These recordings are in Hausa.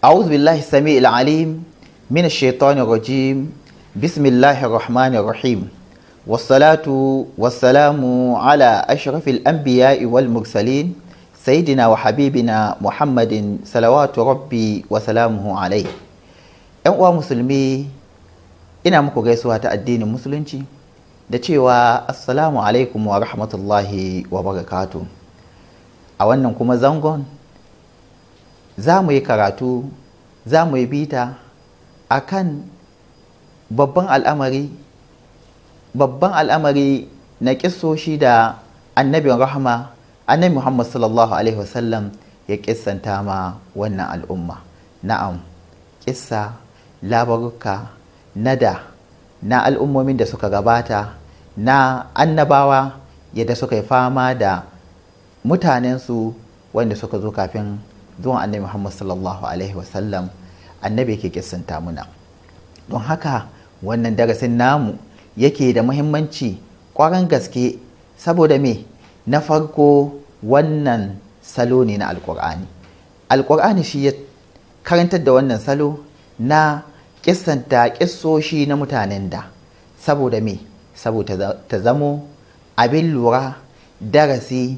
أعوذ بالله السميع العليم من الشيطان الرجيم بسم الله الرحمن الرحيم والصلاة والسلام على أشرف الأنبياء والمرسلين سيدنا وحبيبنا محمد صلوات ربي وسلامه عليه ‘Yan uwa musulmi ina muku gaisuwa ta addinin musulunci da cewa assalamu alaikum wa rahmatullahi wa barakatuh a wannan kuma zangon za mu yi karatu za mu yi bita a kan babban al'amari babban al'amari na ƙisoshi da annabin rahama annabi muhammad sallallahu alaihi wasallam ya ƙissanta ma wannan al'umma na'am kissa, labaruka nada na al'ummomin da suka gabata na annabawa yadda suka yi fama da mutanensu wanda suka zo kafin zuwan annabi muhammad sallallahu alaihi wasallam annabi yake kisanta muna don haka wannan darasin namu yake da muhimmanci kwaran gaske saboda me na farko wannan salo ne na alkur'ani alkur'ani shi ya karantar da wannan salo na kisanta kissoshi na mutanen da saboda me saboda ta zamo abin lura darasi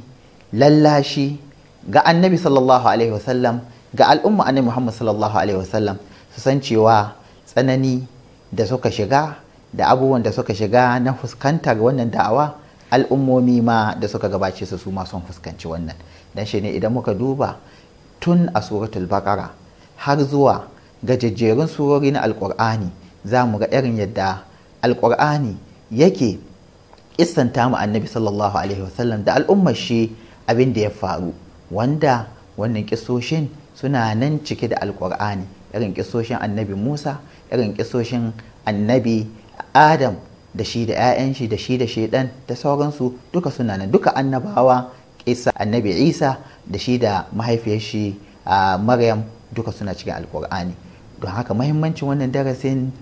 lallashi ga annabi sallallahu alaihi wasallam ga al'umma annabi muhammad sallallahu alaihi wasallam su san cewa tsanani da suka shiga da abubuwan da suka shiga na fuskanta ga wannan da'awa al'ummomi ma da suka gabace su su ma sun fuskanci wannan dan shi ne idan muka duba tun a suratul baqara har zuwa gajejjerun surori na alkur'ani za mu ga irin yadda alkur'ani yake kissanta mu annabi sallallahu alaihi wasallam da al'ummar shi abin da ya faru wanda wannan kisoshin suna nan cike da alkur'ani irin kisoshin annabi musa irin kisoshin annabi adam da shi da 'ya'yan shi da shi da shaidan da sauransu duka suna nan duka annabawa isa annabi isa da shi da mahaifiyar shi a maryam duka suna cikin alkur'ani don haka mahimmancin wannan darasin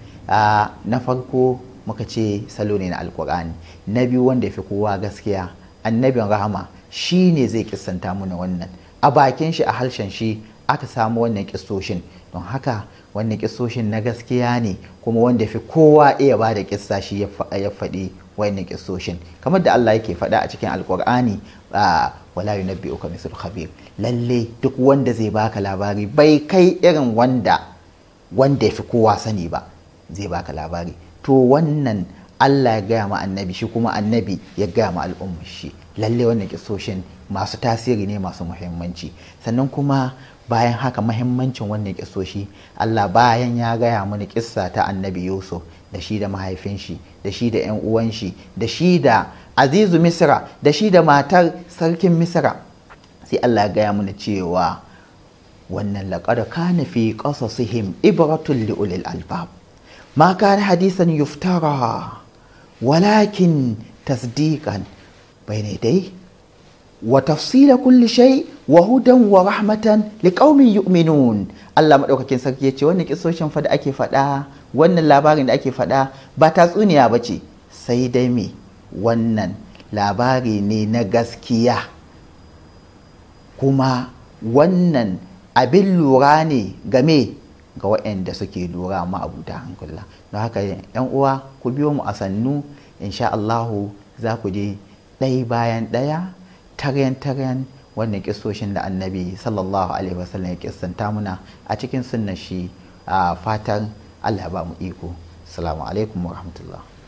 na farko muka ce salo ne na alkur'ani na biyu wanda ya fi kowa gaskiya annabin rahama shi ne zai kissanta muna wannan a bakin shi a harshen shi aka samu wannan kissoshin don haka wannan kissoshin na gaskiya ne kuma wanda fi kowa iya ba da kissa shi ya faɗi wannan kissoshin kamar da Allah yake faɗa a cikin alkur'ani wala yunabbi'uka misal khabir lalle duk wanda zai baka labari bai kai irin wanda wanda ya fi kowa sani ba zai baka labari to wannan Allah ya gaya ma annabi shi kuma annabi ya gaya ma al'ummar shi lalle wannan kisoshin masu tasiri ne masu muhimmanci sannan kuma bayan haka muhimmancin wannan kisoshi Allah bayan ya gaya mana kissa ta annabi Yusuf da shi da mahaifin shi da shi da 'yan uwan shi da shi da azizu misra da shi da matar sarkin misra sai Allah ya gaya mana cewa wannan laƙar kana fi qasasihim ibratul li ulil albab ma kana hadisan yuftara walakin tasdiqan dai? Wa بين يديه وتفصيل wa شيء وهدى ورحمة لقوم yu'minun Allah madaukakin sarki yace wannan kisoshin fa da ake faɗa wannan labarin da ake faɗa ba tatsuniya bace sai dai me wannan labari ne na gaskiya kuma wannan abin lura ne game ga waɗanda suke lura ma'abuta hankula don haka yan uwa ku biyo mu a sannu insha Allahu za ku je ɗaya bayan ɗaya taryan-taryan wannan kisoshin da annabi sallallahu alaihi wasallam ya kissanta muna a cikin sunna shi a fatan allah ba mu iko salamu alaikum wa rahmatullah